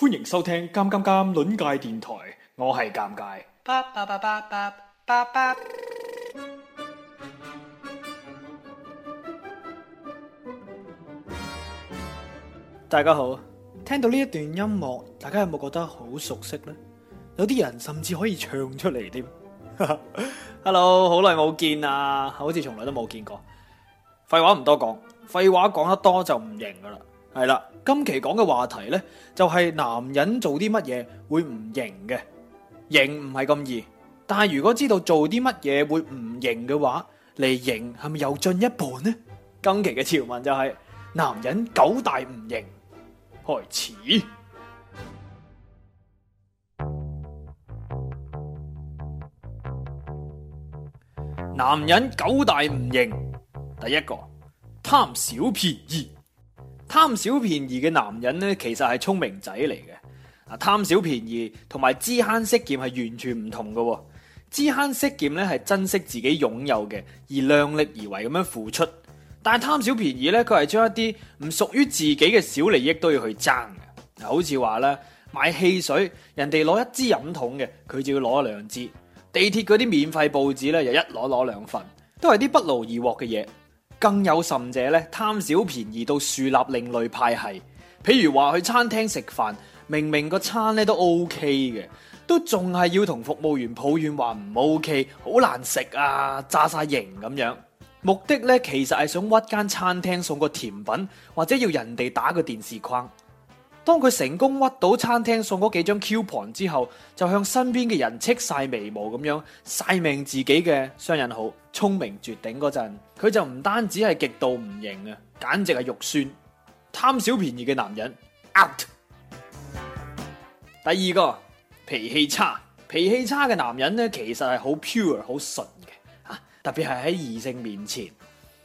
歡迎收聽《尷尷尷》論界電台，我係尷尬。大家好，聽到呢一段音樂，大家有冇覺得好熟悉呢？有啲人甚至可以唱出嚟添。 Hello，好耐冇見啊，好似從來都冇見過。廢話唔多講，廢話講得多就唔型噶啦。係啦，今期講嘅話題呢，就係男人做啲乜嘢會唔型嘅？型唔係咁易，但係如果知道做啲乜嘢會唔型嘅話，嚟型係咪又進一步呢？今期嘅潮文就係男人九大唔型。開始，男人九大唔型，第一個，貪小便宜。貪小便宜嘅男人咧，其實係聰明仔嚟嘅。啊，貪小便宜同埋知慳識儉係完全唔同嘅。知慳識儉咧，係珍惜自己擁有嘅，而量力而為咁樣付出。但係貪小便宜咧，佢係將一啲唔屬於自己嘅小利益都要去爭嘅。好似話啦，買汽水，人哋攞一支飲筒嘅，佢就要攞兩支；地鐵嗰啲免費報紙咧，又一攞攞兩份，都係啲不勞而獲嘅嘢。更有甚者咧，貪小便宜到樹立另類派系，譬如話去餐廳食飯，明明個餐咧都 OK 嘅，都仲係要同服務員抱怨話唔 OK，好難食啊，炸晒型咁樣。目的咧其實係想屈間餐廳送個甜品，或者要人哋打個電視框。當佢成功屈到餐廳送嗰幾張 coupon 之後，就向身邊嘅人戚晒眉毛咁樣晒命自己嘅雙引號，聰明絕頂嗰陣，佢就唔單止係極度唔型啊，簡直係肉酸。貪小便宜嘅男人 out。第二個脾氣差，脾氣差嘅男人咧，其實係好 pure、好純嘅，特別係喺異性面前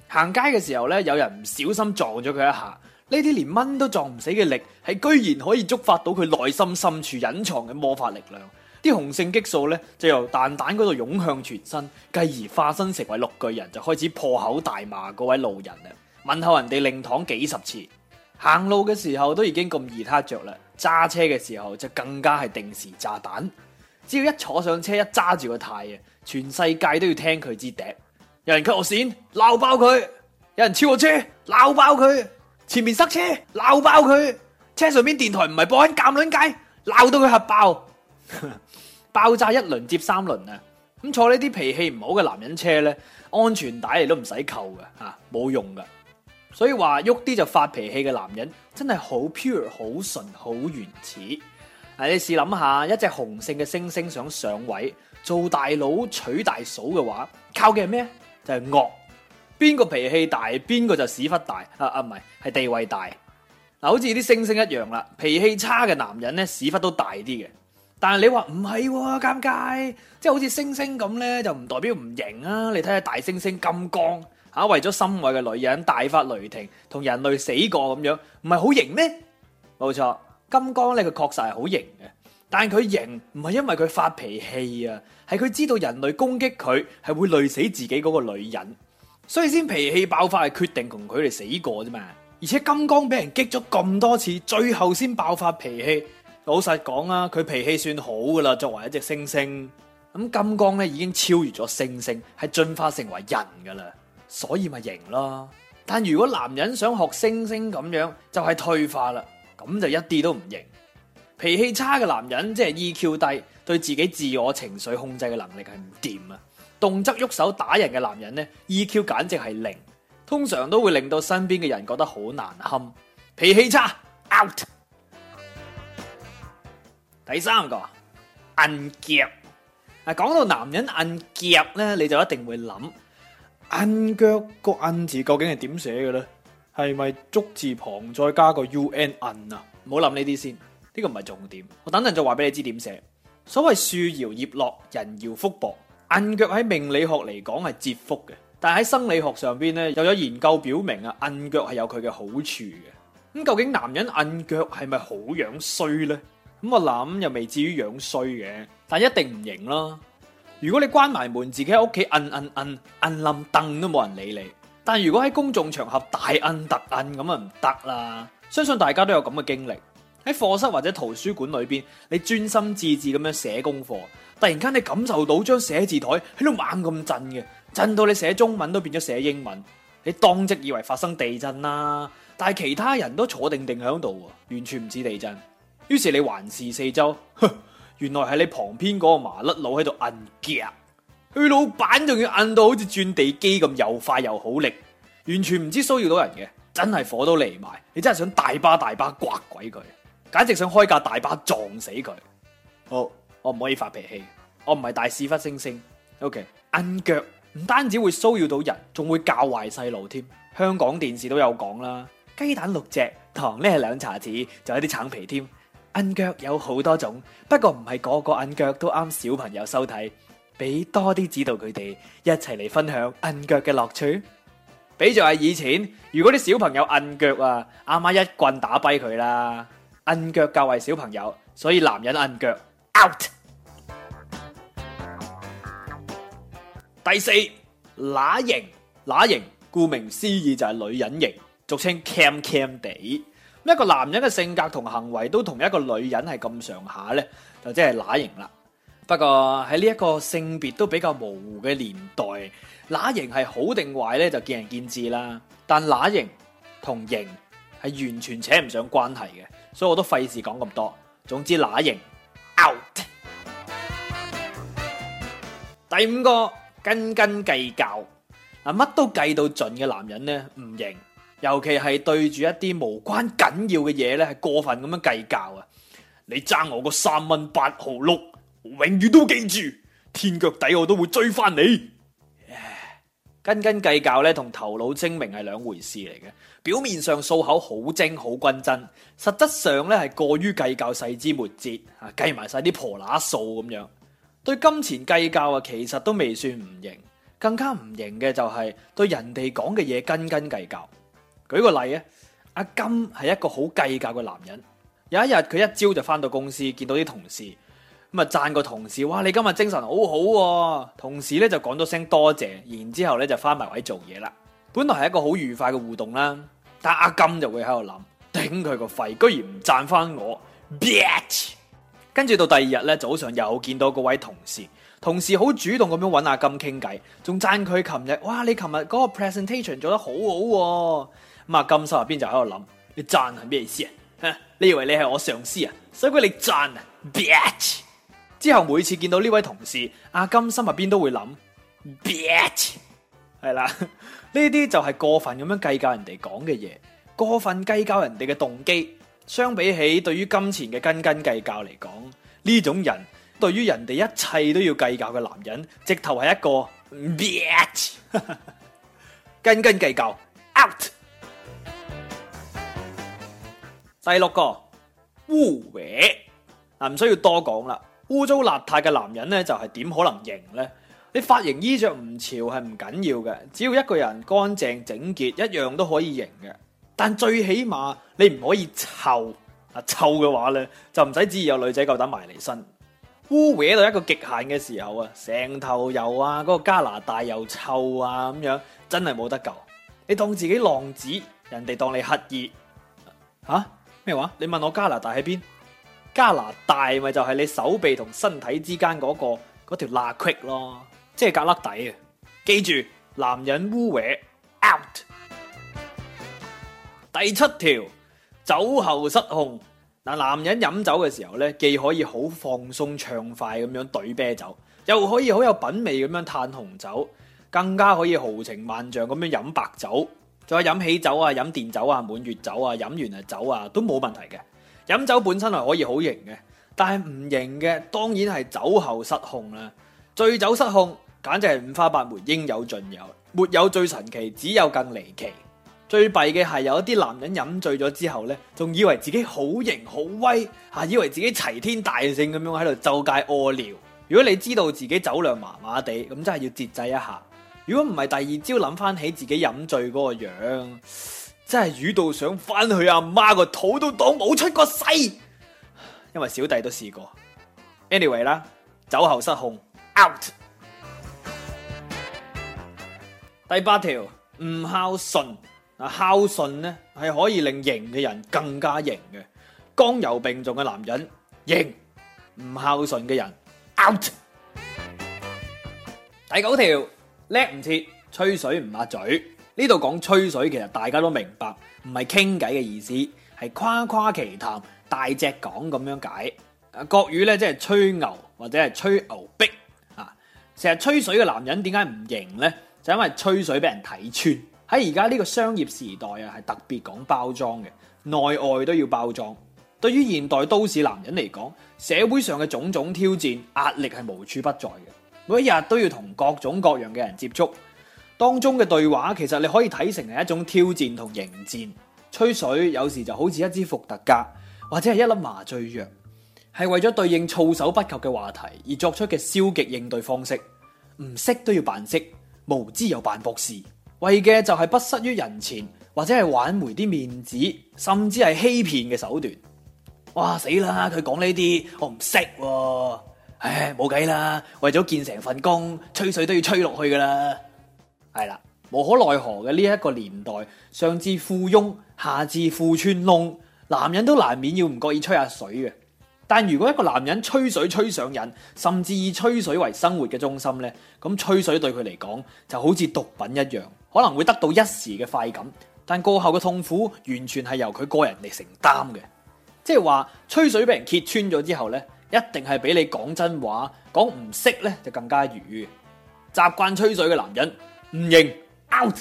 行街嘅時候咧，有人唔小心撞咗佢一下。呢啲連蚊都撞唔死嘅力，係居然可以觸發到佢內心深處隱藏嘅魔法力量。啲雄性激素咧就由蛋蛋嗰度湧向全身，繼而化身成為綠巨人，就開始破口大罵嗰位路人啦。問候人哋令堂幾十次，行路嘅時候都已經咁易他着啦，揸車嘅時候就更加係定時炸彈。只要一坐上車一揸住個呔，啊，全世界都要聽佢支笛。有人吸我線，鬧爆佢；有人超我車，鬧爆佢。前面塞車，鬧爆佢。車上面電台唔係播緊夾卵街，鬧到佢核爆， 爆炸一輪接三輪啊！咁坐呢啲脾氣唔好嘅男人車呢，安全帶嚟都唔使扣嘅吓，冇、啊、用噶。所以話喐啲就發脾氣嘅男人，真係好 pure、好純、好原始。啊，你試諗下，一隻雄性嘅猩猩想上位做大佬、娶大嫂嘅話，靠嘅係咩？就係、是、惡。邊個脾氣大，邊個就屎忽大啊！啊，唔係，係地位大嗱。好似啲猩猩一樣啦，脾氣差嘅男人咧，屎忽都大啲嘅。但係你話唔係尷尬，即係好似猩猩咁咧，就唔代表唔型啊！你睇下大猩猩金剛吓，為咗心愛嘅女人大發雷霆，同人類死過咁樣，唔係好型咩？冇錯，金剛咧，佢確實係好型嘅。但係佢型唔係因為佢發脾氣啊，係佢知道人類攻擊佢係會累死自己嗰個女人。所以先脾氣爆發，係決定同佢哋死過啫嘛！而且金剛俾人激咗咁多次，最後先爆發脾氣。老實講啊，佢脾氣算好噶啦，作為一隻猩猩。咁金剛咧已經超越咗猩猩，係進化成為人噶啦，所以咪型咯。但如果男人想學猩猩咁樣，就係退化啦，咁就一啲都唔型。脾氣差嘅男人即係 EQ 低，對自己自我情緒控制嘅能力係唔掂啊！動則喐手打人嘅男人呢，EQ 簡直係零，通常都會令到身邊嘅人覺得好難堪，脾氣差 out。第三個，硬夾啊，講到男人硬夾呢，ib, 你就一定會諗，硬腳個硬字究竟係點寫嘅呢？係咪足字旁再加個 U N 啊？唔好諗呢啲先，呢個唔係重點。我等陣再話俾你知點寫。所謂樹搖葉落，人搖福薄。按腳喺命理學嚟講係折福嘅，但係喺生理學上邊咧，有咗研究表明啊，按腳係有佢嘅好處嘅。咁究竟男人按腳係咪好樣衰呢？咁我諗又未至於樣衰嘅，但一定唔型啦。如果你關埋門自己喺屋企按按按按冧凳都冇人理你，但如果喺公眾場合大按特按咁啊唔得啦。相信大家都有咁嘅經歷，喺課室或者圖書館裏邊，你專心致志咁樣寫功課。突然間你感受到張寫字台喺度猛咁震嘅，震到你寫中文都變咗寫英文，你當即以為發生地震啦，但係其他人都坐定定響度，完全唔似地震。於是你環視四周，原來係你旁邊嗰個麻甩佬喺度摁腳，佢老闆仲要摁到好似轉地機咁又快又好力，完全唔知騷擾到人嘅，真係火都嚟埋，你真係想大巴大巴刮鬼佢，簡直想開架大巴撞死佢，好。我唔可以發脾氣，我唔係大屎忽星星。O.K. 按腳唔單止會騷擾到人，仲會教壞細路添。香港電視都有講啦，雞蛋六隻，糖呢係兩茶匙，就有啲橙皮添。按腳有好多種，不過唔係個個按腳都啱小朋友收睇，俾多啲指導佢哋一齊嚟分享按腳嘅樂趣。比就係以前，如果啲小朋友按腳啊，阿媽，媽一棍打跛佢啦。按腳教壞小朋友，所以男人按腳 out。第四，乸型，乸型，顧名思義就係女人型，俗稱 cam cam 地。一個男人嘅性格同行為都同一個女人係咁上下咧，就即係乸型啦。不過喺呢一個性別都比較模糊嘅年代，乸型係好定壞咧就見仁見智啦。但乸型同型係完全扯唔上關係嘅，所以我都費事講咁多。總之乸型 out。第五個。斤斤計較啊，乜都計到盡嘅男人呢？唔認，尤其係對住一啲無關緊要嘅嘢咧，係過分咁樣計較啊！你爭我個三蚊八毫六，我永遠都記住，天腳底我都會追翻你。斤斤計較咧，同頭腦精明係兩回事嚟嘅。表面上數口好精好均真，實質上咧係過於計較細枝末節，吓計埋晒啲婆乸數咁樣。對金錢計較啊，其實都未算唔型，更加唔型嘅就係對人哋講嘅嘢斤斤計較。舉個例啊，阿金係一個好計較嘅男人。有一日佢一朝就翻到公司，見到啲同事咁啊，讚個同事，哇，你今日精神好好，同事咧就講咗聲多謝，然之後咧就翻埋位做嘢啦。本來係一個好愉快嘅互動啦，但阿金就會喺度諗，頂佢個肺，居然唔讚翻我 bitch。跟住到第二日咧，早上又見到嗰位同事，同事好主動咁樣揾阿金傾偈，仲讚佢琴日，哇！你琴日嗰個 presentation 做得好好、啊、喎。咁阿金心入邊就喺度諗，你讚係咩意思啊？你以為你係我上司啊？使鬼你讚啊，bitch！之後每次見到呢位同事，阿金心入邊都會諗，bitch，係啦，呢啲就係過分咁樣計較人哋講嘅嘢，過分計較人哋嘅動機。相比起對於金錢嘅斤斤計較嚟講，呢種人對於人哋一切都要計較嘅男人，直頭係一個， 斤斤計較 out。第六個污穢，嗱，唔需要多講啦，污糟邋遢嘅男人咧就係點可能型咧？你髮型衣着唔潮係唔緊要嘅，只要一個人乾淨整潔，一樣都可以型嘅。但最起碼你唔可以臭啊！臭嘅話咧，就唔使指意有女仔夠膽埋嚟身污穢到一個極限嘅時候啊！成頭油啊，嗰個加拿大又臭啊咁樣，真係冇得救。你當自己浪子，人哋當你乞兒吓咩話？你問我加拿大喺邊？加拿大咪就係你手臂同身體之間嗰個嗰條罅隙咯，即係隔甩底啊！記住，男人污穢 out。第七條酒後失控。嗱，男人飲酒嘅時候咧，既可以好放鬆暢快咁樣對啤酒，又可以好有品味咁樣嘆紅酒，更加可以豪情萬丈咁樣飲白酒，仲有飲喜酒啊、飲電酒啊、滿月酒啊、飲完啊酒啊，都冇問題嘅。飲酒本身係可以好型嘅，但係唔型嘅，當然係酒後失控啦。醉酒失控，簡直係五花八門，應有盡有，沒有最神奇，只有更離奇。最弊嘅係有一啲男人飲醉咗之後呢，仲以為自己好型好威，啊以為自己齊天大聖咁樣喺度周街屙尿。如果你知道自己酒量麻麻地，咁真係要節制一下。如果唔係，第二朝諗翻起自己飲醉嗰個樣，真係瘀到想翻去阿媽個肚都當冇出過世。因為小弟都試過。Anyway 啦，酒後失控 out。第八條唔孝順。啊，孝順咧，係可以令型嘅人更加型嘅，剛柔並重嘅男人型，唔孝順嘅人 out。第九條叻唔切，吹水唔抹嘴。呢度講吹水，其實大家都明白，唔係傾偈嘅意思，係誇誇其談，大隻講咁樣解。啊，國語咧，即係吹牛或者係吹牛逼啊！成日吹水嘅男人點解唔型呢？就是因為吹水俾人睇穿。喺而家呢個商業時代啊，係特別講包裝嘅，內外都要包裝。對於現代都市男人嚟講，社會上嘅種種挑戰壓力係無處不在嘅，每一日都要同各種各樣嘅人接觸，當中嘅對話其實你可以睇成係一種挑戰同迎戰。吹水有時就好似一支伏特加，或者係一粒麻醉藥，係為咗對應措手不及嘅話題而作出嘅消極應對方式。唔識都要扮識，無知又扮博士。為嘅就係不失於人前，或者係挽回啲面子，甚至係欺騙嘅手段。哇死啦！佢講呢啲我唔識，啊，唉冇計啦。為咗見成份工，吹水都要吹落去噶啦。係啦，無可奈何嘅呢一個年代，上至富翁，下至褲穿窿，男人都難免要唔覺意吹下水嘅。但如果一個男人吹水吹上癮，甚至以吹水為生活嘅中心呢，咁吹水對佢嚟講就好似毒品一樣。可能會得到一時嘅快感，但過後嘅痛苦完全係由佢個人嚟承擔嘅。即係話吹水俾人揭穿咗之後呢，一定係比你講真話講唔識呢就更加易。習慣吹水嘅男人唔認 out。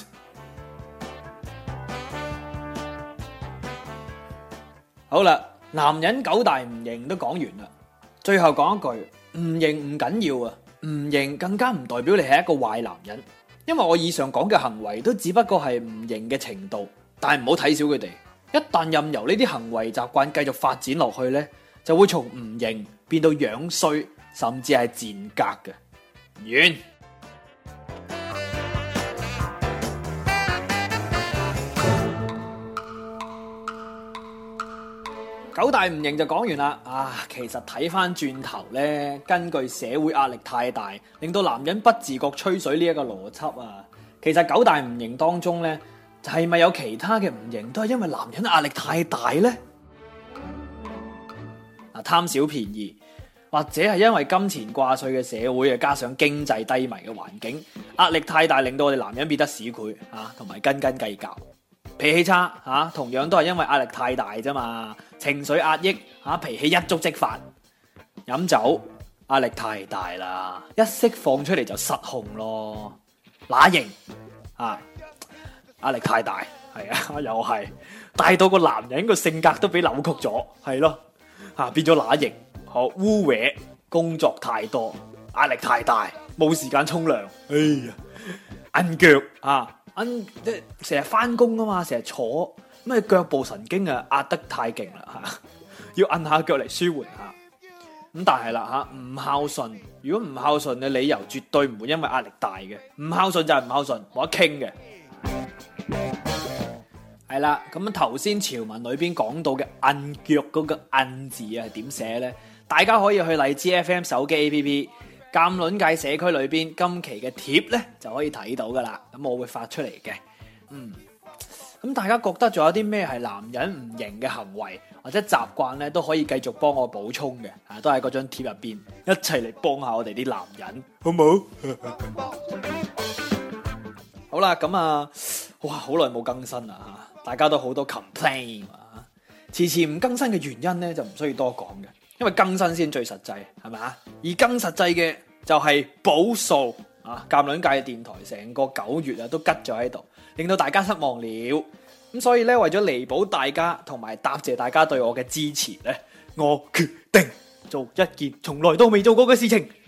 好啦，男人九大唔認都講完啦，最後講一句，唔認唔緊要啊，唔認更加唔代表你係一個壞男人。因為我以上講嘅行為都只不過係唔型嘅程度，但係唔好睇小佢哋。一旦任由呢啲行為習慣繼續發展落去咧，就會從唔型變到樣衰，甚至係賤格嘅。完。九大唔型就講完啦，啊，其實睇翻轉頭咧，根據社會壓力太大，令到男人不自覺吹水呢一個邏輯啊，其實九大唔型當中咧，係咪有其他嘅唔型都係因為男人壓力太大咧？啊，貪小便宜，或者係因為金錢掛帥嘅社會啊，加上經濟低迷嘅環境，壓力太大，令到我哋男人變得市儈啊，同埋斤斤計較。脾氣差啊，同樣都係因為壓力太大啫嘛，情緒壓抑啊，脾氣一觸即發，飲酒壓力太大啦，一釋放出嚟就失控咯，乸型啊，壓力太大，係啊，又係大到個男人個性格都俾扭曲咗，係咯，啊，變咗乸型，好污猥，工作太多，壓力太大，冇時間沖涼，哎呀，摁腳啊！按即係成日翻工啊嘛，成日、嗯、坐，咁啊腳部神經啊壓得太勁啦吓，要摁下腳嚟舒緩下。咁但係啦吓，唔孝順，如果唔孝順嘅理由絕對唔會因為壓力大嘅，唔孝順就係唔孝順，冇得傾嘅。係啦，咁啊頭先潮文裏邊講到嘅摁腳嗰個摁字啊係點寫咧？大家可以去荔枝 FM 手機 APP。監論界社區裏邊今期嘅貼咧就可以睇到噶啦，咁我會發出嚟嘅，嗯，咁大家覺得仲有啲咩係男人唔型嘅行為或者習慣咧，都可以繼續幫我補充嘅，啊，都喺嗰張貼入邊，一齊嚟幫下我哋啲男人，好唔好？ 好啦，咁啊，哇，好耐冇更新啦，吓，大家都好多 complain 啊，遲遲唔更新嘅原因咧就唔需要多講嘅。因為更新先最實際，係咪啊？而更實際嘅就係補數啊！夾卵界嘅電台成個九月啊都吉咗喺度，令到大家失望了。咁所以咧，為咗彌補大家同埋答謝大家對我嘅支持咧，我決定做一件從來都未做過嘅事情。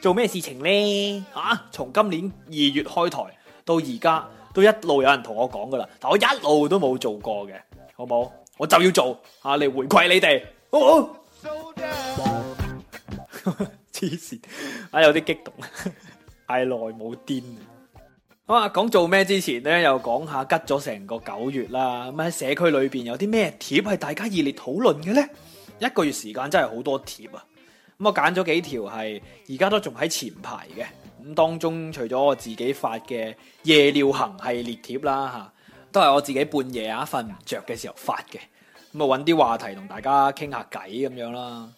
做咩事情呢？吓、啊，從今年二月開台到而家，都一路有人同我講噶啦，但我一路都冇做過嘅，好唔好？我就要做嚇嚟回饋你哋，哦、哦、黐線！啊， 有啲激動，太耐冇癲好啊，講做咩之前咧，又講下吉咗成個九月啦。咁喺社區裏邊有啲咩貼係大家熱烈討論嘅咧。一個月時間真係好多貼啊！咁我揀咗幾條係而家都仲喺前排嘅。咁當中除咗我自己發嘅夜尿行系列貼啦嚇。都係我自己半夜啊瞓唔着嘅時候發嘅，咁啊揾啲話題同大家傾下偈咁樣啦。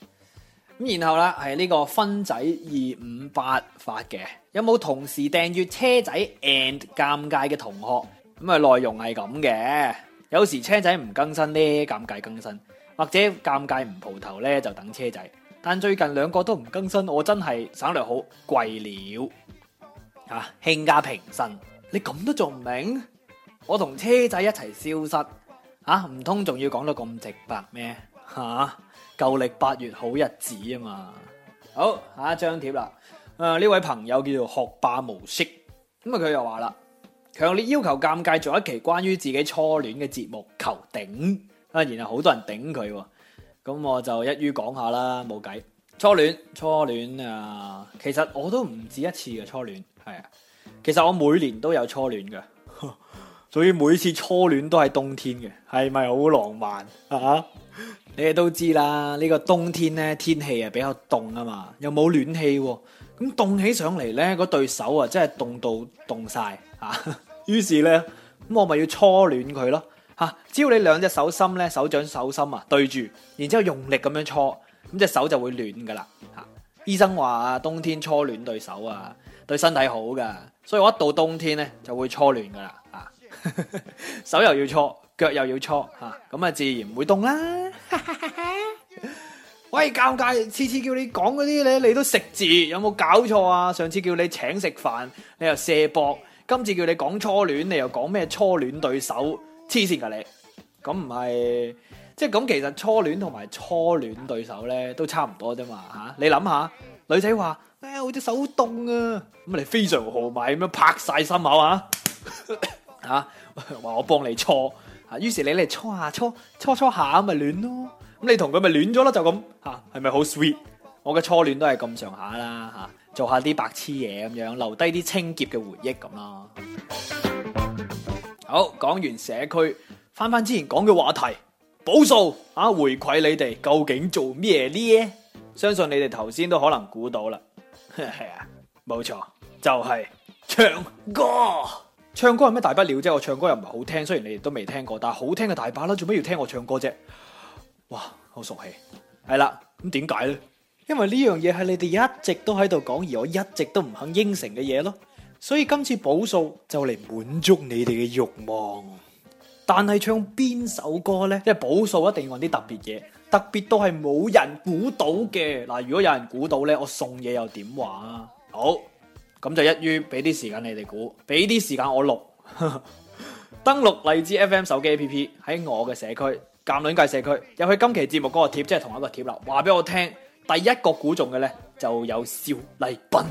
咁然後啦係呢個分仔二五八發嘅，有冇同時訂閱車仔 and 尷尬嘅同學？咁啊內容係咁嘅，有時車仔唔更新呢，尷尬更新，或者尷尬唔蒲頭呢，就等車仔。但最近兩個都唔更新，我真係省略好貴了。啊，興家平身，你咁都做唔明白？我同車仔一齊消失，啊唔通仲要講到咁直白咩？吓，舊曆八月好日子啊嘛，好，下一張帖啦。誒、啊、呢位朋友叫做學霸模式，咁啊佢又話啦，強烈要求尷尬做一期關於自己初戀嘅節目，求頂啊！然後好多人頂佢，咁我就一於講下啦，冇計。初戀，初戀啊，其實我都唔止一次嘅初戀，係啊，其實我每年都有初戀嘅。所以每次初戀都係冬天嘅，係咪好浪漫啊？你哋都知啦。呢個冬天咧，天氣啊比較凍啊嘛，又冇暖氣，咁凍起上嚟咧，嗰對手啊真係凍到凍晒啊。於是咧，咁我咪要初戀佢咯吓。只要你兩隻手心咧，手掌手心啊對住，然之後用力咁樣搓，咁隻手就會暖噶啦吓。醫生話啊，冬天初戀對手啊，對身體好噶，所以我一到冬天咧就會初戀噶啦。 手又要搓，腳又要搓，吓咁啊，自然唔會凍啦。 喂，尷尬，次次叫你講嗰啲咧，你都食字，有冇搞錯啊？上次叫你請食飯，你又卸膊，今次叫你講初戀，你又講咩初戀對手？黐線噶你，咁唔係即係咁，就是，其實初戀同埋初戀對手咧都差唔多啫嘛吓。你諗下，女仔話：哎呀，我隻手凍啊！咁你非常豪邁咁樣拍晒心口啊。 吓，話我幫你搓，啊，於是你嚟搓下搓，搓搓下咪亂咯，咁你同佢咪亂咗啦，就咁吓，係咪好 sweet？我嘅初戀都係咁上下啦吓，做下啲白痴嘢咁樣，留低啲清潔嘅回憶咁咯。好，講完社區，翻翻之前講嘅話題，補數吓，回饋你哋究竟做咩呢？相信你哋頭先都可能估到啦，係啊，冇錯，就係唱歌。唱歌係咩大不了啫？我唱歌又唔係好聽，雖然你哋都未聽過，但係好聽嘅大把啦。做咩要聽我唱歌啫？哇，好熟氣，係啦。咁點解呢？因為呢樣嘢係你哋一直都喺度講，而我一直都唔肯應承嘅嘢咯。所以今次補數就嚟滿足你哋嘅慾望。但係唱邊首歌呢？即係補數一定要搵啲特別嘢，特別都係冇人估到嘅嗱。如果有人估到呢，我送嘢又點話啊？好。咁就一於俾啲時間你哋估，俾啲時間我錄呵呵。登錄荔枝 FM 手機 APP 喺我嘅社區鑑論界社區入去今期節目嗰個貼，即係同一個貼啦。話俾我聽，第一個估中嘅呢，就有邵麗賓。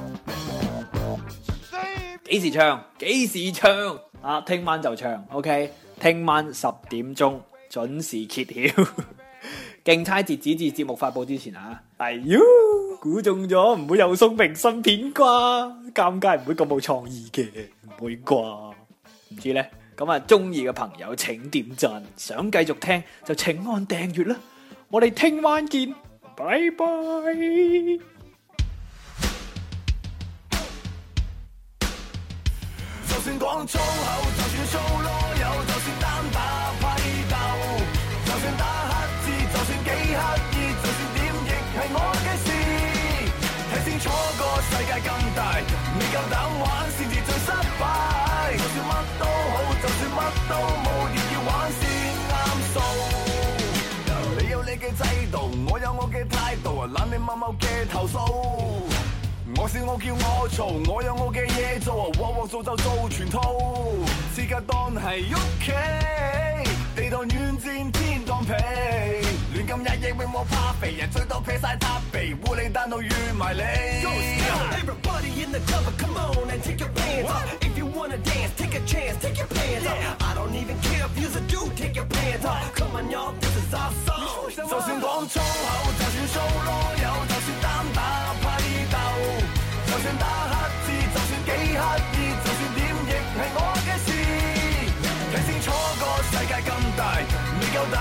幾時唱？幾時唱？啊，聽晚就唱。OK，聽晚十點鐘準時揭曉。競 猜節指至節目發布之前啊，哎呦！估中咗，唔會又送明信片啩？尷尬，唔會咁冇創意嘅，唔會啩？唔知咧，咁啊，中意嘅朋友請點讚，想繼續聽就請按訂閱啦。我哋聽晚見，拜拜。就算講粗口，就算粗囉柚，就算單打批鬥，就算打黑字，就算幾黑。有膽玩，先至最失敗。就算乜都好，就算乜都冇，亦要玩先啱數。你有你嘅制度，我有我嘅態度，啊，懶得某某嘅投訴。還是我叫我嘈，我有我嘅嘢做，我話做就做全套。資格當係屋企，地道軟墊，天當被，亂咁日夜永冇怕肥，人最多撇晒搭肥，護利單到怨埋你。就算講粗口。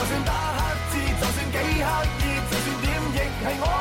就算打乞嗤，就算幾刻意，就算點亦係我。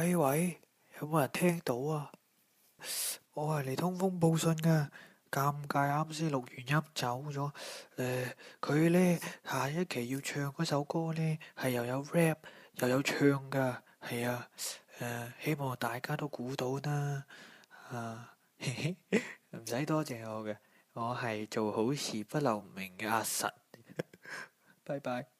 喂喂，有冇人聽到啊？我係嚟通風報信噶，尷尬啱先錄完音走咗。誒，佢呢下一期要唱嗰首歌呢，係又有 rap 又有唱噶，係啊。誒，希望大家都估到啦。啊，唔使多謝我嘅，我係做好事不留名嘅阿實。拜拜。